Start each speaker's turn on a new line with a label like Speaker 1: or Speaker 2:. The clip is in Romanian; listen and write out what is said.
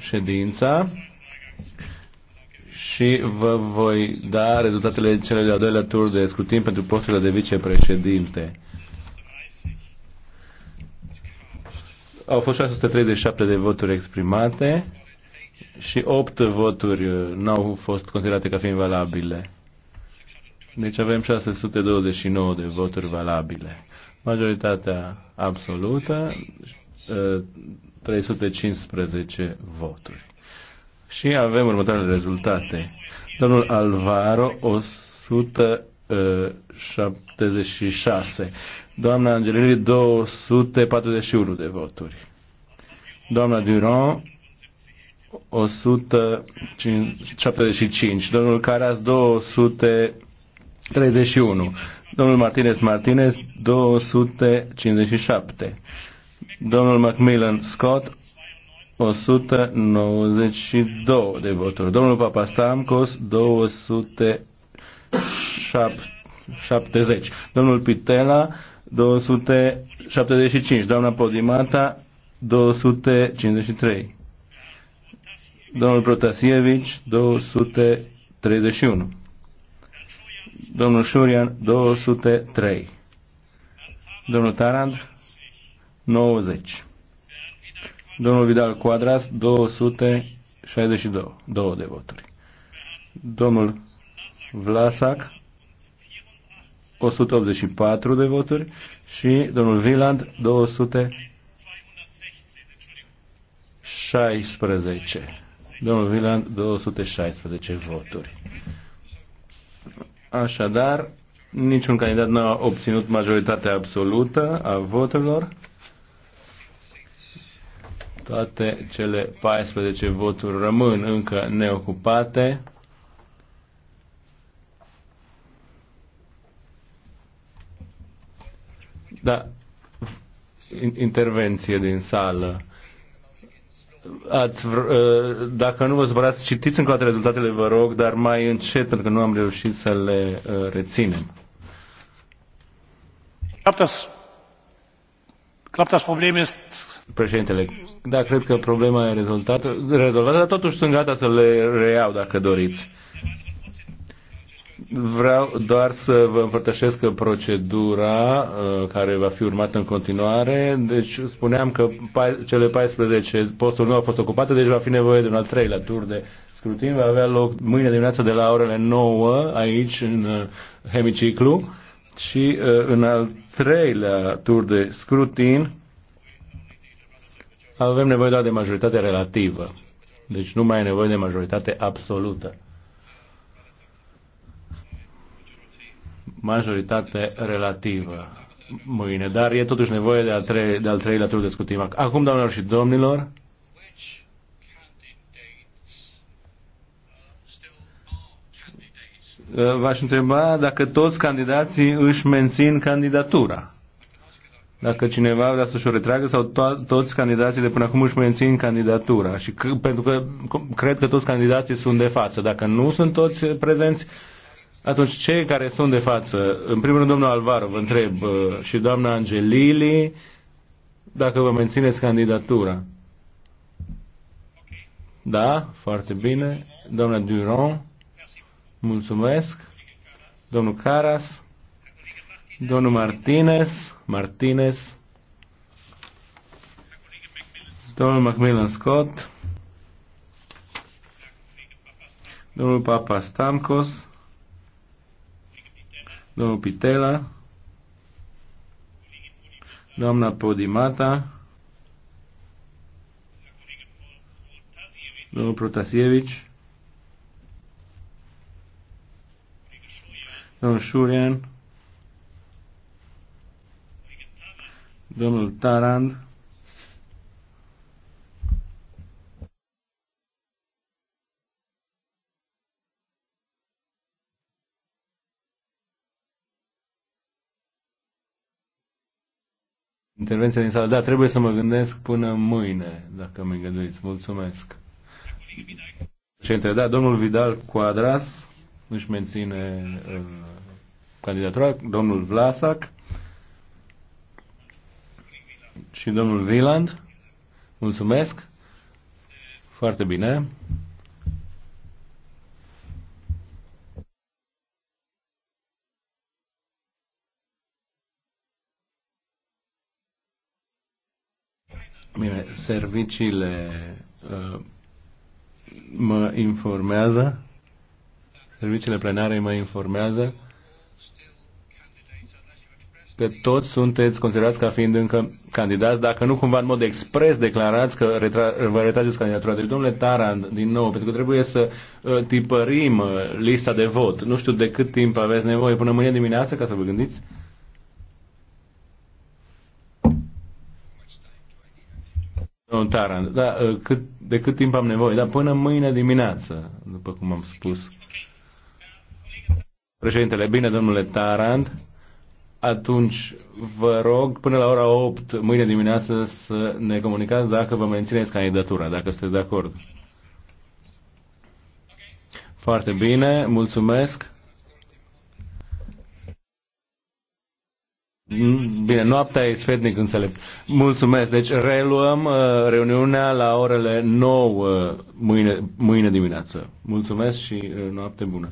Speaker 1: ședința și vă voi da rezultatele cele de-al doilea tur de scrutin pentru posturile de vicepreședinte. Au fost 637 de voturi exprimate și 8 voturi uh, n-au fost considerate ca fiind valabile. Deci avem 629 de voturi valabile. Majoritatea absolută 315 voturi. Și avem următoarele rezultate. Domnul Alvaro 176. Uh, Doamna Angelini 241 de voturi. Doamna Durand 175. Domnul Caras 231. Domnul Martinez Martinez 257. Domnul Macmillan Scott, 192 de voturi. Domnul Stamkos, 270. Domnul Pitela, 275. Doamna Podimata, 253. Domnul Protasievici, 231. Domnul Șurian, 203. Domnul Tarand, 90. Domnul Vidal Quadras, 262 două de voturi. Domnul Vlasac, 184 de voturi și domnul Viland, 216. Domnul Viland, 216 voturi. Așadar, niciun candidat nu a obținut majoritatea absolută a voturilor. Toate cele 14 voturi rămân încă neocupate. Da, intervenție din sală. Ați, ă, dacă nu vă supărați, citiți încă toate rezultatele, vă rog, dar mai încet, pentru că nu am reușit să le ă, reținem. Ich glaube, das Problem ist Președintele, da, cred că problema e rezolvată, dar totuși sunt gata să le reiau dacă doriți. Vreau doar să vă împărtășesc procedura uh, care va fi urmată în continuare. Deci spuneam că cele 14 posturi nu au fost ocupate, deci va fi nevoie de un al treilea tur de scrutin. Va avea loc mâine dimineață de la orele 9 aici în uh, hemiciclu și uh, în al treilea tur de scrutin avem nevoie doar de majoritate relativă. Deci nu mai e nevoie de majoritate absolută. Majoritate relativă mâine, dar e totuși nevoie de al, tre- de al treilea trebuie de scutim. Acum, doamnelor și domnilor, v-aș întreba dacă toți candidații își mențin candidatura dacă cineva vrea să-și o retragă sau to- toți candidații de până acum își mențin candidatura. Și c- pentru că cred că toți candidații sunt de față. Dacă nu sunt toți prezenți, atunci cei care sunt de față, în primul rând domnul Alvaro, vă întreb, uh, și doamna Angelili, dacă vă mențineți candidatura. Da, foarte bine. Doamna Duron, mulțumesc. Domnul Caras. Domnul Martinez, Martinez, domnul Macmillan Scott, domnul Papa Stamkos, domnul Pitela, doamna Podimata, domnul Protasievici, domnul Shurian. Domnul Tarand. Intervenția din sală. Da, trebuie să mă gândesc până mâine, dacă mă îngăduiți. Mulțumesc. Președinte, da, domnul Vidal Cuadras își menține uh, candidatura, domnul Vlasac și domnul Wieland. Mulțumesc. Foarte bine. Bine, serviciile uh, mă informează, serviciile plenare mă informează Că toți sunteți considerați ca fiind încă candidați, dacă nu cumva în mod expres declarați că retra- vă retrageți candidatura. Deci, domnule Taran, din nou, pentru că trebuie să uh, tipărim uh, lista de vot. Nu știu de cât timp aveți nevoie până mâine dimineață ca să vă gândiți. Domnul Taran, da, uh, cât, de cât timp am nevoie? Da, până mâine dimineață, după cum am spus. Președintele, bine, domnule Tarand. Atunci, vă rog, până la ora 8, mâine dimineață, să ne comunicați dacă vă mențineți candidatura, dacă sunteți de acord. Foarte bine, mulțumesc. Bine, noaptea e sfetnic înțelept. Mulțumesc. Deci reluăm uh, reuniunea la orele 9 uh, mâine, mâine dimineață. Mulțumesc și uh, noapte bună.